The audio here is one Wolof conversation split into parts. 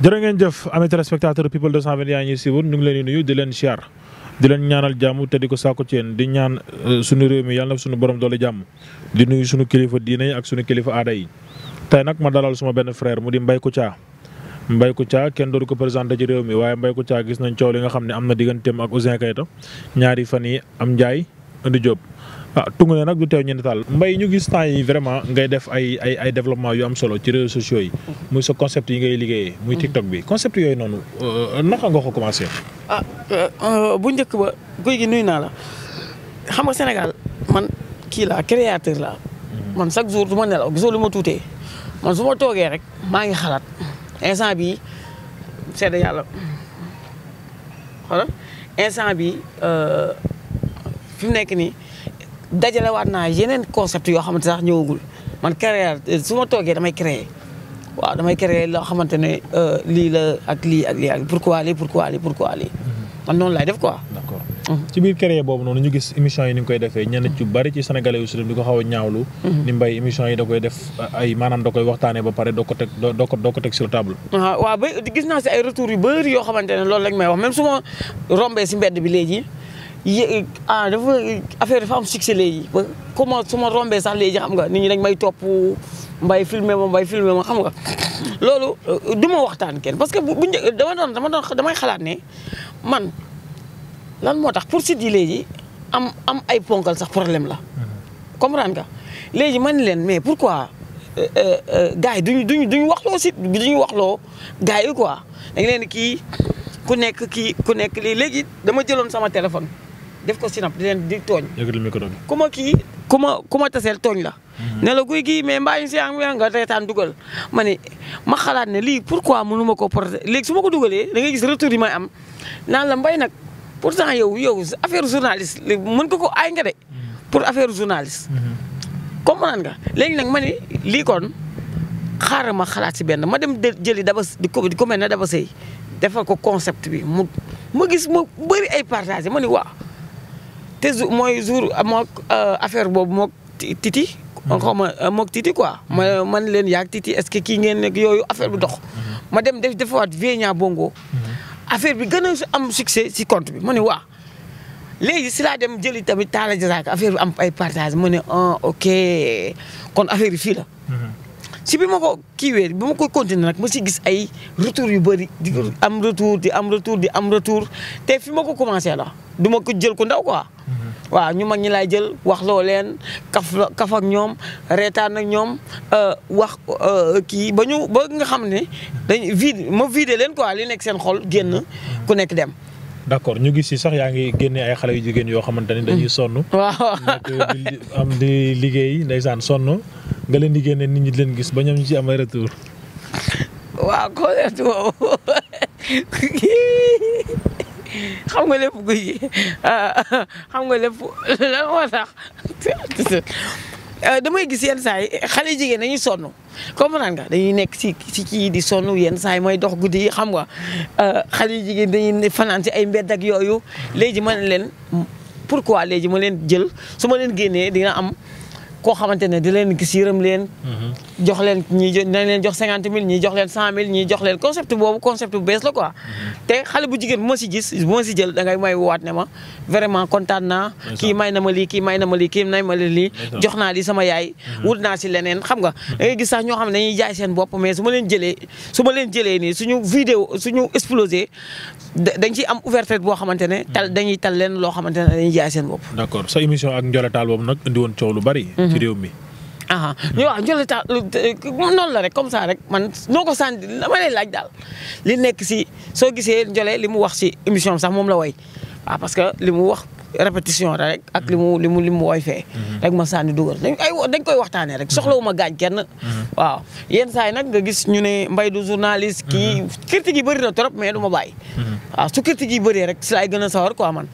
jërë ngeen jëf amee téléspectateur people 221 yaa ngi siiwul ñu ngi leen di nuyu di leen siyaar di leen ñaanal jàmm te di ko saako ci yéen di ñaan euh, suñu réew mi yàlla na suñu borom doole jàmm di nuyu suñu kilifa diine yi ak suñu kilifa aada yi. tey nag ma dalal suma benn frère mu di mbay Mbaye Kouthia Mbaye Kouthia kenn dootu ko présenté ci réew mi waaye Mbaye Kouthia gis nañ coow li nga xam ne am na digganteem ak Ouzin Keita ñaari fan yi am Ndiaye indi Diop. ah tungu ne nag du teew ñu nataal mbay ñu gis temps yi vraiment ngay def ay ay ay développement yu am solo ci réseaux sociaux yi. Mm-hmm. muy sa concept yi ngay liggéeyee. muy mm-hmm. TikTok bi concept yooyu noonu euh, naka nga ko ah, euh, bu njëkk ba guy gi nuyu naa xam nga Sénégal man kii laa créateur laa. Mm-hmm. man chaque jour du ma nelaw gisoo lu ma tuutee man su ma toogee rek maa ngi xalaat instant bii sedd yàlla instant bii euh, fi mu nekk nii. dajalewaat naa yeneen concept yoo xamante sax ñëwagul man créer su ma toogee damay créer waaw damay créer loo xamante ne euh, lii la ak lii ak lii ak pourquoi lii pourquoi lii pourquoi lii mm-hmm. man mm-hmm. ñu gis yi ni nga koy defee ñenn bari ci sénégalais yu si di ko xaw mm-hmm. yi koy def ay maanaam koy waxtaanee ba pare doo ko teg doo ko doo ko teg sur table. Ah, waaw ba gis yu bëri yoo xamante ne loolu lañ may wax même su ma rombee si mbedd bi léegi. yé ah dafa affaire dafa am succès léegi ba su ma rombee sax léegi xam nga nit ñi dañ may topp mbay filmer ma mbay filmer ma xam nga loolu euh, du ma waxtaan kenn parce que bu dama doon dama doon damay xalaat ne man lan moo tax pour site yi léegi am am ay ponkal sax problème la comprendre nga léegi man leen mais pourquoi euh, euh, gars yi duñu duñu duñu waxloo site duñu waxloo gars yi quoi da nga leen kii ku nekk kii ku nekk li léegi dama jëloon sama téléphone def ko sinap di leen di tooñ. yëkkati micro bi ku ma ku ma ku ma taseel tooñ la. Mhm. ne la guy gii mais mbaa ñu si am nga reetaan dugal ma ne ma xalaat ne lii pourquoi mënu ma ko porté léegi su ma ko dugalee da ngay gis retour yi may am naan la mbay nag pourtant yow yow affaire journaliste léegi mën ko ko ay nga de. pour affaire journaliste. Mhm. comprendre nga léegi nag ma ne lii kon xaaral ma xalaat si benn ma dem jëli daba di ko di ko mel ne daba sëy defal ko concept bi mu ma gis ma bëri ay partagé ma ne waaw. te mooy jour euh, mook euh, affaire boobu mook titi. Hmm. xaw ma euh, mook titi quoi. Hmm. ma man leen yaag titi est-ce que kii ngeen nekk yooyu affaire bi dox. Hmm. ma dem def defawaat Vienna bongo. affaire bi gën a am succès si compte bi ma ne waa. léegi si laa dem jëli tamit taala jasaaka affaire bi am ay partage mu ne ah ok kon affaire bi fii la. si bi ma ko kiiwee bi ma koy continuer ma si gis ay retour yu bëri. di am retour di am retour di am retour te fi ma ko commencé la. du ma ko jël ku ndaw quoi. waaw ñu mag ñi laay jël wax loo leen kaf kaf ak ñoom reetaan ak ñoom euh, wax euh, kii ba ñu ba nga xam ne dañ vide ma vidé leen quoi li nekk seen xol génn ku nekk dem. d' accord ñu gis si sax yaa ngi génne ay xale yu jigéen yoo xamante ni dañuy sonn. waaw am di liggéey ndeysaan sonn nga leen di génne nit ñi di leen gis ba ñoom ñu ci am retour. waaw xam nga lépp guy gi xam nga lépp lan moo tax euh, damay gis yenn saa yi xale jigéen dañuy sonn comprendre nga dañuy nekk ci ci di sonn yenn saa yi mooy dox guddi yi xam nga euh, xale jigéen dañuy fanaan si ay mbedd ak yooyu léegi ma ne leen pourquoi léegi ma leen jël su ma leen génnee dina am. koo xamante ne di leen gis yërëm leen. Mhm. jox leen ñii nañ leen jox cinquante mille ñii jox leen cent mille ñii jox leen concept boobu concept bu bees mhm. xale bu jigéen bu ma si gis bu si jël dangay may waat ne ma vraiment kontaan naa. kii may na ma lii kii may na ma lii kii may ma lii. jox naa lii sama yaay. Mhm. wut naa si leneen xam nga. sax ñoo xam ne dañuy jaay seen bopp mais su ma leen jëlee su ma leen jëlee nii suñu vidéo suñu explosé dañ ciy am ouverture boo xamante ne. tal dañuy tal leen loo xamante ne dañuy jaay seen bopp. d'accord sa émission ak Ndiolé Tall boobu nag indi coow lu bari Mhm. ci réew mi. ah ñu wax jël la rek comme ça rek man noo ko sànni dama lay laaj daal li nekk si soo gisee Ndiolé li mu wax si émission sax moom la way waaw ah, parce que li mu wax répétition rek ak li mu li mu li mu woy fee mhm. rek ma sànni dugal dañ ay dañ koy waxtaanee rek soxlawu ma gaañ kenn mhm. waaw yenn saa nag nga gis mbay du journaliste kii mhm. critique yi bëri na trop mais du ma bàyyi waaw su critique yi bëree rek si laay gën a sawar quoi man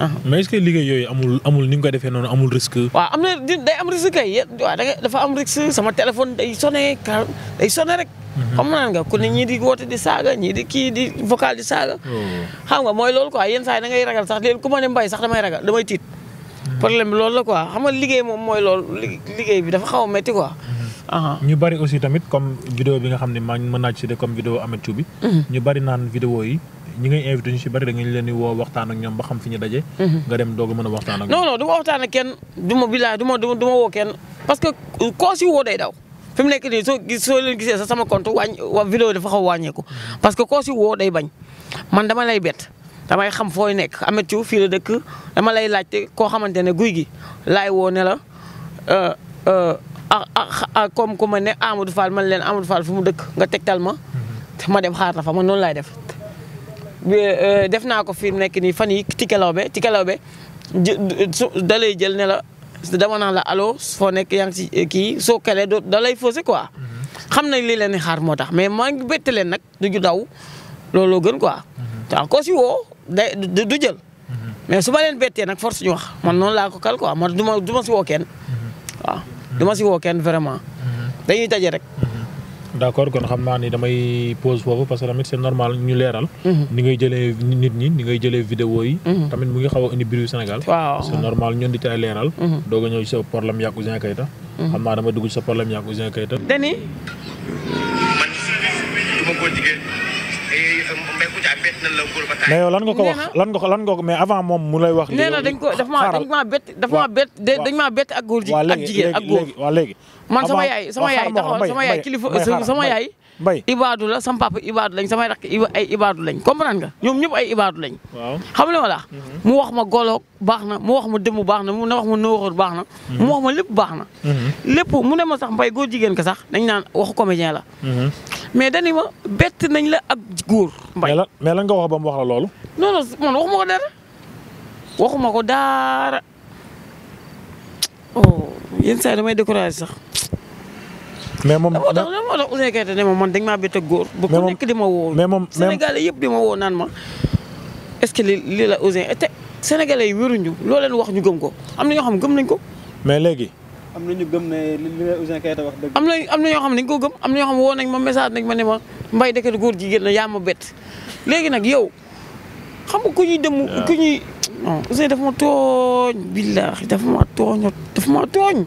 ah. mais est-ce que liggéey yooyu amul amul ni nga koy defee noonu amul risque waaw am na day am risque kay waaw dafa am risque sama téléphone day sonné ka day sonné rek xam naan nga ku ñii di woote di saaga ñii di kii di vocal di saaga oh. xam nga mooy loolu quoi yenn saa yi da ragal sax léegi ku ma ne mbay damay ragal damay tiit problème bi loolu la quoi xam nga liggéey moom mooy loolu liggéey bi dafa xaw a métti quoi. ñu bari aussi tamit comme vidéo bi nga xam ne maa ngi mën naa comme vidéo Ameth bi mhm. ñu bari naan vidéo yi ñi ngay invité ñu ci bari da nga leen woo waxtaan ñoom ba xam fi ñu daje. Mhm. nga dem doog a mën a waxtaan ak. non non kenn du ma bilaay du woo kenn parce koo si woo day daw fi nekk nii soo gisee sax sama compte wàññi wa vidéo a damay xam fooy nekk Ameth Thiou fii la dëkk dama lay laajte koo xamante ne guy gi laay woo ne la ah comme ku ma ne Amadou man leen Amadou Fall fu mu dëkk nga tegtal ma mhm. ma dem xaar na fa man noonu laay def. Euh, def naa ko fi mu nekk nii fan yi Tické Laobé Tické Laobé da lay jël ne la dama naa la allo foo nekk yaa ngi si kii soo kelee doo da lay quoi. Mhm. xam nañ lii leen di xaar moo tax mais maa ngi bett leen nag du ñu daw looloo gën quoi. te mhm. ko si woo day du jël. mais su ma leen bettee nag force ñu wax man noonu laa ko kal quoi man du ma du ma si woo kenn. waaw si woo kenn vraiment. dañuy daje rek. d' accord kon xam naa ni damay pause foofu parce que tamit c' est normal ñu leeral. Mhm. ni ngay jëlee nit ñi ni ngay jëlee vidéo yi. Mhm. tamit mu ngi xaw a indi biir Sénégal. waaw c' est normal ñun di tay leeral. Mhm. doog a ñëw ci sa problème yàgg Ouzin Keita. xam naa dama dugg ci sa problème yàgg Ouzin Keita. dani. man du Mbengue Ndiaye bett la góor mais lan nga ko wax lan nga ko lan ko mais avant moom mu lay wax. nee na dañ ko dafa maa dañ maa bett dafa maa bett dañ maa bett ak góor ji ak jigéen ak góor waaw léegi man sama yaay sama yaay taxaw sama yaay kilifa yaay. mbay ibaadu la sama papa ibaadu lañ samay rakk ay ibaadu lañ comprendre nga ñoom ñëpp ay ibaadu lañ. waaw xam nga wala mhm. mu wax ma golo baax na mu wax ma dëmm baax na mu wax ma nooxoor baax na. Mhm. mu wax ma baax na. Mhm. lépp mu ne ma sax mbay góor jigéen ka sax dañ naan waxu comédien la. mais dañu ma bett nañ la ak góor. mbay mais lan nga wax ba mu wax la loolu. non non man waxuma ko dara waxuma ko daara oh yenn saa yi damay découragé sax. mais moom moo tax moo tax Ouzin ma dañ maa bett ak góor. ba ku nekk di ma woo. mais moom Sénégalais yëpp di ma woo naan ma est-ce que li li la Ouzin te Sénégalais yi wéruñu loo leen wax ñu gëm ko am na ñoo xam gëm nañ ko. mais léegi. am na ñu gëm ne li li wax dëgg. am na am na ñoo xam ne dañ ko gëm am na ñoo xam ne woo nañ ma message nañ ma ne ma mbay dëkk léegi nag yow xam ku ñuy dem. ku ñuy Ouzin ma tooñ. billaahi dafa ma tooñ dafa ma tooñ.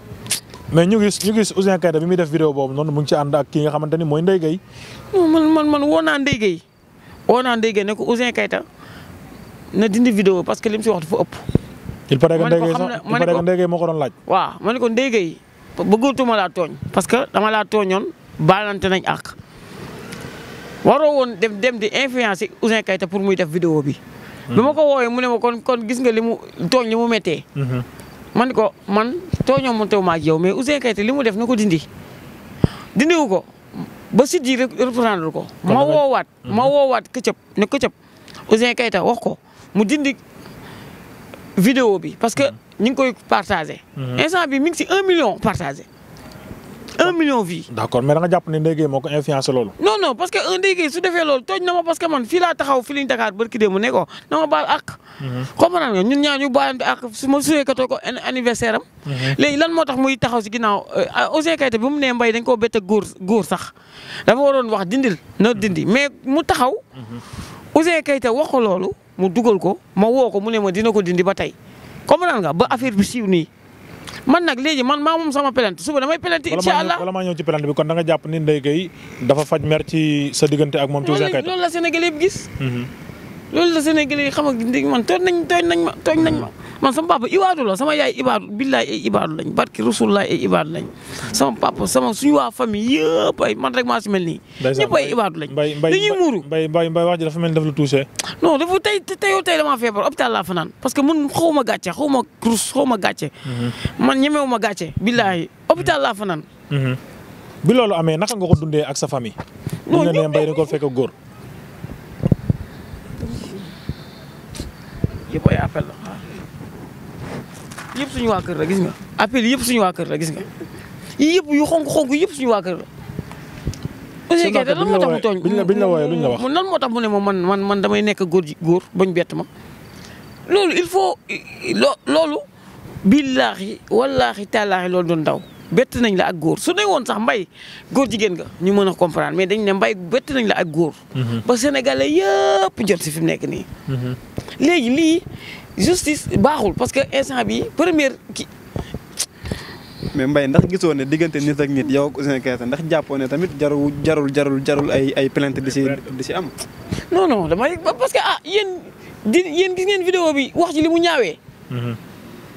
mais ñu gis ñu gis Ouzin Keita bi muy def vidéo boobu noonu mu ci ànd ak ki nga xamante ni mooy Ndeye Gueye. man man man woo naa Ndeye Gueye woo naa ne ko Ouzin Keita na dindi vidéo parce que lim si wax dafa ëpp. il paraît que Ndeye que moo ko doon laaj. waaw ma ne ko Ndeye Gueye bëggatuma laa tooñ parce que dama laa tooñoon baalante nañ ak waroo woon dem dem di influencer Ouzin Keita pour muy def vidéo bi. bi ma ko woowee mu ne ma kon gis nga li mu tooñ li mu méttee. Mhm. ko man tooñoo mu teew ma ak mais Ouzin Keita li mu def na ko dindi. dindiwu ko ba sit yi reprendre ko. ma woowaat ma mhm. woowaat këcëb ne këcëb Ouzin Keita wax mu dindi vidéo bi parce que mm-hmm. ñu ngi koy partagé. Mm-hmm. instant bi mi ngi si un million partagé. un million vues. d' accord mais da nga jàpp ne Ndeye Gueye moo ko influencé loolu. non non parce que un Ndeye su defee loolu tooñ na ma parce que man fii laa taxaw fii lañ Dakar barki démb mu nee mbay dañ koo bett ak sax dafa waroon wax dindil na dindi mm-hmm. mais mu taxaw. Ouzin Keita wax loolu. mu dugal ko ma woo ko mu ne ma dina ko dindi ba tey comprendre nga ba affaire bi siiw nii man nag léegi man maa moom sama plainte suba damay plainte incha allah wala maa ñëw ci plainte bi kon da nga jàpp ni Ndeye Gueye dafa faj mer ci sa diggante ak moom ci Ouzin Keita loolu la Sénégalais yëpp gis mhm. loolu la Sénégalais yi xam nga man tooñ nañ tooñ nañ ma tooñ nañ ma man sama papa ibaadu la sama yaay ibaadu billaay ay ibaadu lañ barki rasulullaay ay ibaadu lañ sama papa sama suñu waa yëpp man rek maa si mel nii. ñëpp ay lañ. mbay mbay dañuy muuru mbay mbay mbay wax ji dafa mel ni daf la touché. non dafa tey damaa feebar hôpital laa fanaan parce que man xaw ma gàcce xaw ma rus xaw ma gàcce. Mm-hmm. man ñemewu ma gàcce. billaay hôpital laa fanaan. Mm-hmm. bi amee naka nga ko dundee ak sa famille. non ñu ne mbay da ko fekk góor. yëpp suñu waa kër la gis nga appel yëpp suñu waa kër la gis nga yëpp yu xonk xonk yëpp suñu waa kër la. Ouzin Keita lan moo tax mu tooñ biñ la wooyee luñ la wax lan moo tax ne ma man man man damay nekk góor ji góor bett ma loolu il faut loolu billaahi wallaahi taalaahi loolu doon daw bett nañ la ak góor su ne woon sax mbay góor jigéen nga ñu mën a comprendre mais dañ ne mbay bett nañ la ak góor mhm. ba sénégalais yëpp jot si fi mu nekk nii mhm. léegi lii justice baaxul parce que instant bi première ki mais Mbaye ndax gisoo ne diggante nit ak nit yow ak Ouzin Keita ndax jàppoo ne tamit jarul jarul jarul jarul ay ay plainte di si di si am. non non dama parce que ah yéen di yéen gis ngeen vidéo bi wax ci li mu ñaawee. Mhm.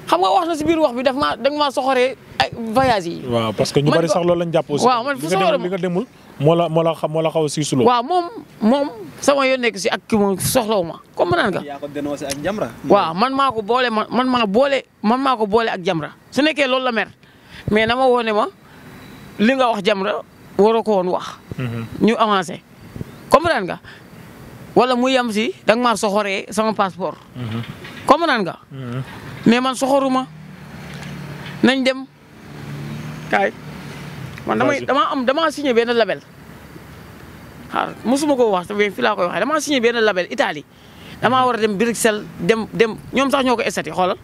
xam nga wax na si biir wax bi daf maa da ma maa soxoree ay voyage yi. waaw parce que ñu bari sax loolu lañ jàpp aussi. waaw nga demul. moo la moo la xa moo la a siisuloo. waaw moom moom sama yoon nekk si ak kii moom soxlawu ma comprendre nga. yaa ko man maa ko boole man man maa boole man maa boole ak Jamra su nekkee loolu la mer mais na ma woo ma li nga wax Jamra waroo ko woon wax. Mhm. ñu avancé comprendre nga wala mu yem si da nga maa soxoree sama passeport. Mhm. comprendre nga. Mhm. mais man soxoruma nañ dem kaay. man damay damaa am damaa signé benn label. xaar mosuma ko wax mais fii laa koy benn label Italie damaa war a dem Bruxelles dem dem ñoom sax ñoo ko estati xoolal.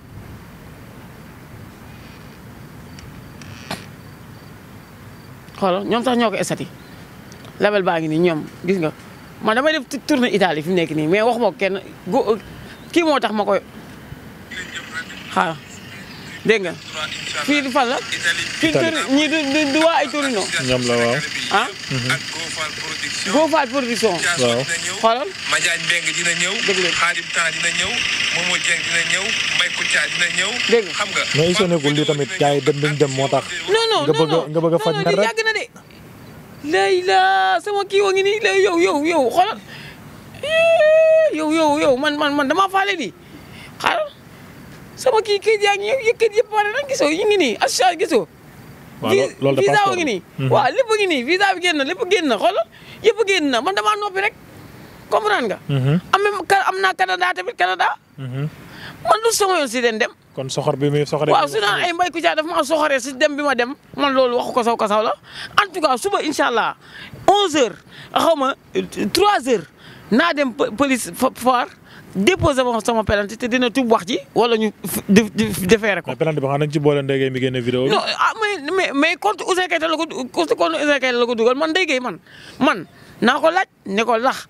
xoolal ñoom sax ñoo ko estati label baa ngi nii ñoom gis nga man damay def tournée Italie fi mu nekk nii mais wax ko kenn kii moo tax ma koy xaar. dégg nga fii di la fii turi ñii du du Torino ñoom la waaw ah mhm. Gofal production waaw xoolal Madiagne Mbengue dina ñëw déglu Khadim Tan dina ñëw Momo Dieng dina ñëw Mbaye ñëw dégg xam nga mais iso dem moo tax non non nga bëgg nga faj mer rek yàgg sama kii ngi nii lay yow yow yow xoolal yow yow man man man damaa faale lii xaaral sama kii kayit yaa ngi yëkkat yëpp pare nag gisoo ñu ngi nii association gisoo. waaw loolu visa ngi nii. waaw mhm. lépp ngi nii visa bi génn na lépp génn na xoolal yëpp génn na man damaa noppi rek comprendre nga. Mhm. am na am naa Canada tamit Canada. Mhm. man du sama yoon si den dem. kon soxor bi muy soxoree. waaw su naan ay mbay ku ma soxoree si dem bi ma dem man loolu waxu ko saw kasaw la en tout cas suba incha allah 11h xaw ma 3h naa dem police foire. déposé ma sama penalty te dina tub wax ji wala ñu defeere ko. mais penalty ba xam nañ ci boole Ndeye Gueye mi génne vidéo. non ah mais mais mais contre Ouzin Keita la dugal man Ndeye man man naa ko laaj ne ko lax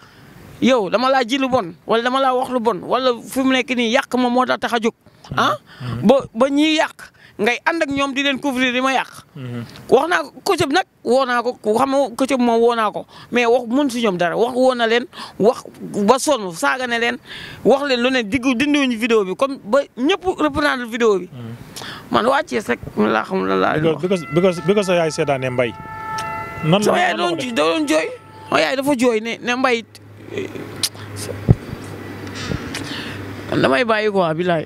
yow dama laa ji lu bon wala dama laa wax lu bon wala fi mu nekk nii yàq ma moo tax tax a jóg. ah mm-hmm. ba ba ñiy yàq. ngay ànd ak ñoom di leen couvrir di ma yàq. Mhm. wax naa ko Ketchup nag woo naa ko ku xam ne Ketchup moom woo naa ko mais wax mun si ñoom dara wax woo na leen wax ba sonn saaga ne leen wax leen lu ne diggu dindiwuñu vidéo bi kon ba ñëpp reprendre vidéo bi. Mhm. man waa Thiès rek laa xam la laa. because because yaay seetaane mbay. nan la yaay doon doon jooy sama yaay dafa jooy ne ne mbay damay bàyyi quoi bilaay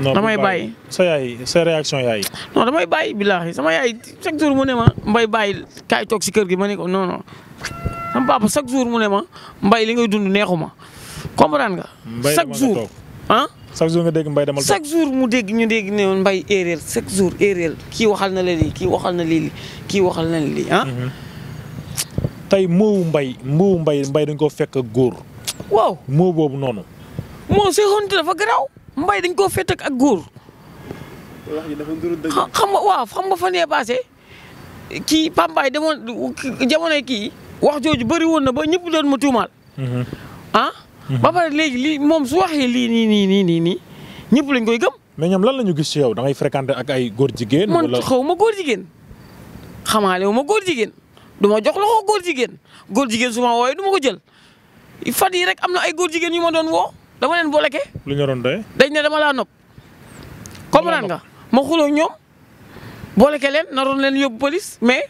damay bàyyi sa yaay sa réaction yaay. non damay bàyyi billaahi sama yaay chaque jour mu ne ma mbay bàyyi kaay toog si kër gi ma ne ko non non sama papa chaque jour mu ne ma mbay li ngay dund neexu ma comprendre nga. chaque jour ah. chaque jour nga dégg mbay demal chaque jour mu dégg ñu dégg ne mbay erreur chaque jour erreur kii waxal na la lii kii waxal na lii kii waxal na lii ah. tey moowu mbay moowu mbay mbay dañ ko fekk góor. waaw moo boobu noonu. moo see xonte dafa mbay dañ koo féet ak góor. wax xam nga waaw xam nga fan yee passé kii Pambaay demoon jamono kii wax jooju bari woon na ba ñëpp doon ma tuumaal. Mm-hmm. ah. Mm-hmm. ba pare léegi lii moom su waxee lii nii nii nii nii nii ñëpp lañ koy gëm. mais ñoom lan la ñu gis si yow da ngay ak ay góor jigéen. wala man xaw ma góor jigéen. xamaale wu ma góor jigéen du jox loxo góor jigéen góor jigéen su ma woowee ma ko jël fan yi rek am na ay góor jigéen yu ma doon woo. dama leen booleke. lu ñu doon doye. dañ ne dama laa nopp. comprendre nga ma xuloo ñoom booleke leen naroon leen yóbbu police mais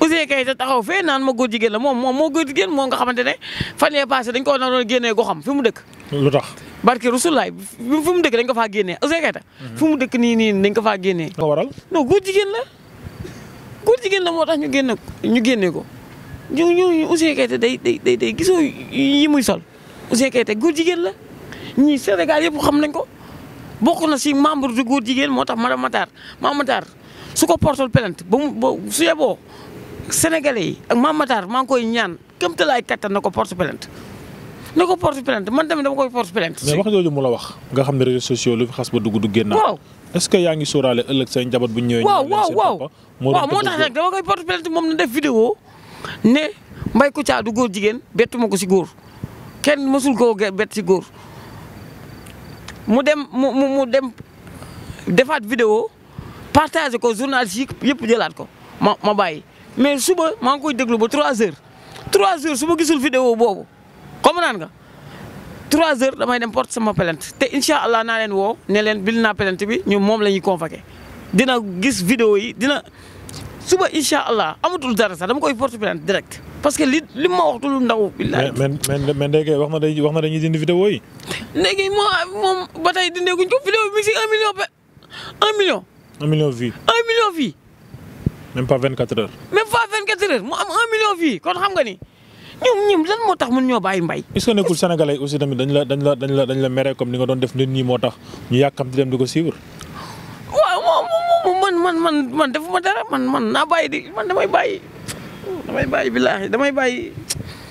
Ouzin Keita taxaw fee naan ma góor jigéen la moom moom moo góor jigéen moom nga xamante ne fan yee passé dañ ko naroon génnee goxam mu dëkk. lu tax. barke Rasulaay fi mu dëkk dañ ko faa génnee Ouzin Keita. fi nii nii dañ ko faa génnee. ko waral non góor jigéen la. góor jigéen la moo tax ñu génne ñu génne ko ñu ñu Ouzin Keita day day day gisoo yi muy sol. Ouzin Keita góor jigéen la ñii Sénégal yëpp xam nañ ko bokk na si membre du góor jigéen moo tax madame Matar maam Matar su ko portal plainte ba mu ba su yeboo sénégalais yi ak maam maa ngi koy ñaan këmtalaay kattan na ko porte plainte na ko porte plainte man tamit dama koy porte plainte. mais wax jooju mu la wax nga xam ne réseaux sociaux lu fi xas ba dugg du génn. waaw est yaa ngi sóoraale ëllëg say njaboot bu ñu ñëwee. waaw waaw waaw waaw moo tax nag dama koy porte plainte moom na def vidéo du góor jigéen bettu ko si góor. kenn mësul koo bet si góor mu dem mu mu dem defaat vidéo partagé ko journaliste yi yëpp jëlaat ko ma ma bàyyi mais suba maa ngi koy déglu ba trois heures trois heures su ma gisul vidéo boobu comme naan nga trois heures damay dem porte sama plainte te incha allah naa leen woo ne leen bil naa plainte bi ñu moom la ñuy convoqué dina gis vidéo yi dina suba incha allah amatul dara sax dama koy porte plainte direct parce que li li ma wax lu ndaw. billaay mais mais mais Ndeye wax na day wax dañuy dindi vidéo yi. Ndeye Gueye moom moom ba tey dindee guñ ko vidéo bi si un million un million. un million vues. un million vues. même pas 24 heures. même pas 24 heures mu am un million vues kon xam nga ni ñoom ñoom lan moo tax mun ñoo bàyyi mbay. est-ce que nekkul sénégalais aussi tamit dañ la dañ la dañ la dañ la mere comme ni nga doon def nit ñi moo tax ñu yàkkamti dem di ko suivre. waaw moom moom man man man defuma dara man man naa bàyyi di man damay bàyyi. damay bàyyi billaahi damay bàyyi.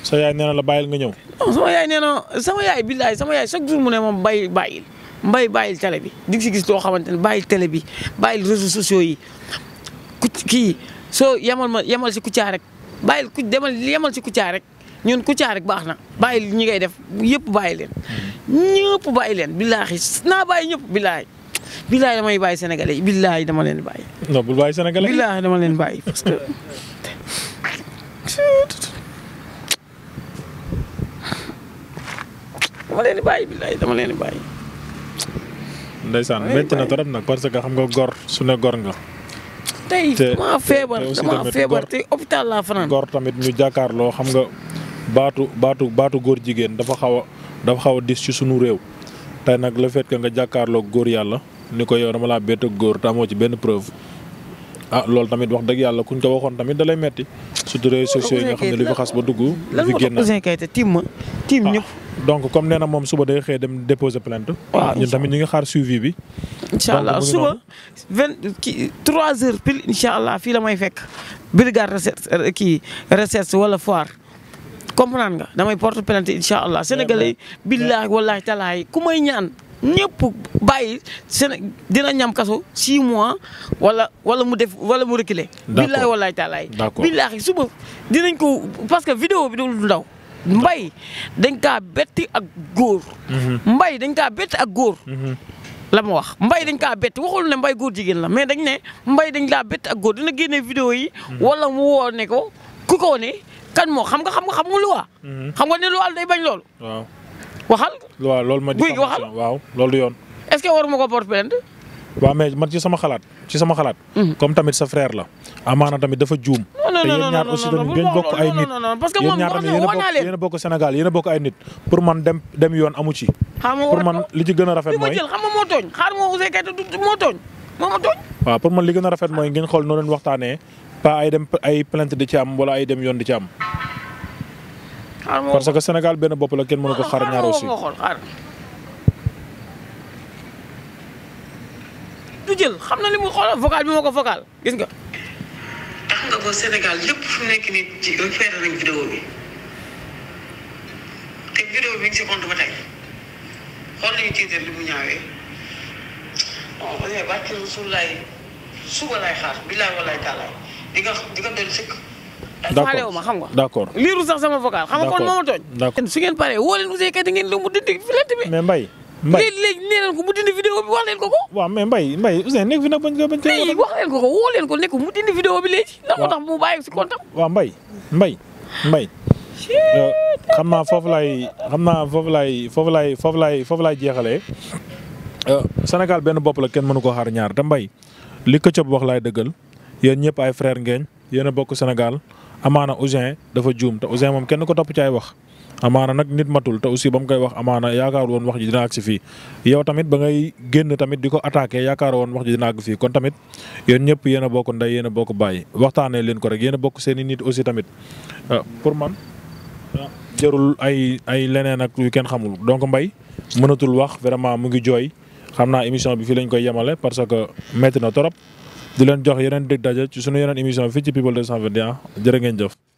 sa yaay nee na la bàyyil nga ñëw. non sama yaay nee na sama yaay billaahi sama yaay chaque jour mu ne moom bàyyi bàyyil mbay bàyyil télé bi di nga si gis loo xamante ne bàyyil tele bi bàyyil réseaux sociaux yi ku kii soo yemal ma yemal si Kouthia rek bàyyil ku demal yemal si Kouthia rek ñun Kouthia rek baax na bàyyil ñi ngay def yëpp bàyyi leen. ñëpp bàyyi leen billaahi naa bàyyi ñëpp billaahi billaahi damay bàyyi sénégalais yi billaahi dama leen bàyyi. non bul bàyyi dama leen di bàyyi ndeysaan métti na trop nag parce que xam nga gor su ne gor nga. tey dama feebar dama feebar te hôpital laa fanaan gor tamit ñu jàkkaarloo xam nga baatu baatu baatu góor jigéen dafa xaw a dafa xaw a dis ci sunu réew. tey nag la fait que nga jàkkaarloo góor yàlla ni ko yow dama laa bett góor te amoo ci benn preuve. ah loolu tamit wax dëgg yàlla kuñ ko waxoon tamit da lay metti surtout réseaux sociaux yi nga xam ne li fi ba dugg. li ma tiim ah, ñëpp. donc comme nee na moom suba day xëy dem déposer plainte. waaw ñun tamit ñu ngi xaar suivi bi. incha allah suba vingt kii trois heures pile incha allah fii la may fekk. brigade recherche euh, kii recherche wala foire. comprendre nga damay porte plainte incha allah sénégalais billaahi wallaahi talaahi ku may ñaan. ñëpp bàyyi seen dina ñam kaso sii mois wala wala mu def wala mu reculer. d' accord billaay walaay taalaay. d' accord billaahi suba dinañ ko parce que vidéo bi du daw mbay dañ kaa betti ak góor. Mm-hmm. mbay dañ kaa betti ak góor. Mm-hmm. la ma wax mbay dañ kaa bett waxul ne mbay góor jigéen la mais dañ ne mbay dañ laa bett ak góor dina génne vidéo yi. Mm-hmm. wala mu woo ne ko ku ko ne kan moo xam nga xam nga xam nga lu waa. xam nga ne lu waa day bañ loolu. waxal. waaw loolu ma guy waxal loolu yoon. est war que ko porte plainte. waaw mais man ci sama xalaat ci sama xalaat. Hmm. comme tamit sa frère la. amaana tamit dafa juum. te yéen aussi tamit ngeen bokk ay nit. parce que moom wax na yéen a bokk Sénégal yéen a bokk ay nit pour man dem dem yoon amu ci. pour man li ci gën a rafet mooy. xam nga moo tooñ xaar moo Ouzin Keita du moo tooñ moo ma tooñ. waaw pour man li gën a rafet mooy ngeen xool noo leen waxtaanee pas ay dem ay plainte di ci am wala ay dem yoon di ci am. parce que Sénégal benn bopp la kenn mënu ko xaar ñaar aussi du jël xam na li mu xool vocal bi moo ko vocal gis nga. tax nga ba Sénégal yëpp fu nekk nii ci feere euh, nañ vidéo bi te vidéo bi ngi si compte ba tey xool nañu tiitar li mu ñaawee bon ba tey bàcc na suba laay suba xaar bilaay walaay taalaay di nga di nga faale ma xam nga. d' accord liiru sax sama vocal. xam nga kon moo ma tooñ. su ngeen paree woo leen Ouzin Keita ngeen lu mu dindi filante bi. mais Mbaye. mbay leen ko ko. waaw mais Mbaye Mbaye Ouzin nekk nag bañ ko bañ. tey wax leen ko ko woo leen mu dindi vidéo bi léegi. waaw moo tax mu bàyyi si kontam. waaw Mbaye Mbaye Mbaye. Euh, xam naa foofu lay xam naa foofu lay foofu lay foofu laay foofu laay jeexale euh, Sénégal benn bopp la kenn mënu ko xaar ñaar te Mbaye li ko cob wax laay dëggal yéen ñëpp ay frère ngeen yéen a bokk Sénégal amaana Ouzin dafa juum te Ouzin moom kenn ko topp ci ay wax. amaana nag nit matul te aussi ba mu koy wax amaana yaakaar woon wax ji dina àgg si fii yow tamit ba ngay génn tamit di ko attaqué yaakaar woon wax ji dina àgg fii kon tamit yéen ñëpp yéen a bokk ndey yéen a bokk bàyyi waxtaanee leen ko rek yéen bokk seeni i nit aussi tamit euh, pour man jarul ay ay leneen ak yu kenn xamul donc mbay mënatul wax vraiment mu ngi jooy xam naa émission bi fii lañ koy yemale parce que métti na trop. di leen jox yeneen dëgg daje ci sunu yeneen émission fii ci People 221 jërë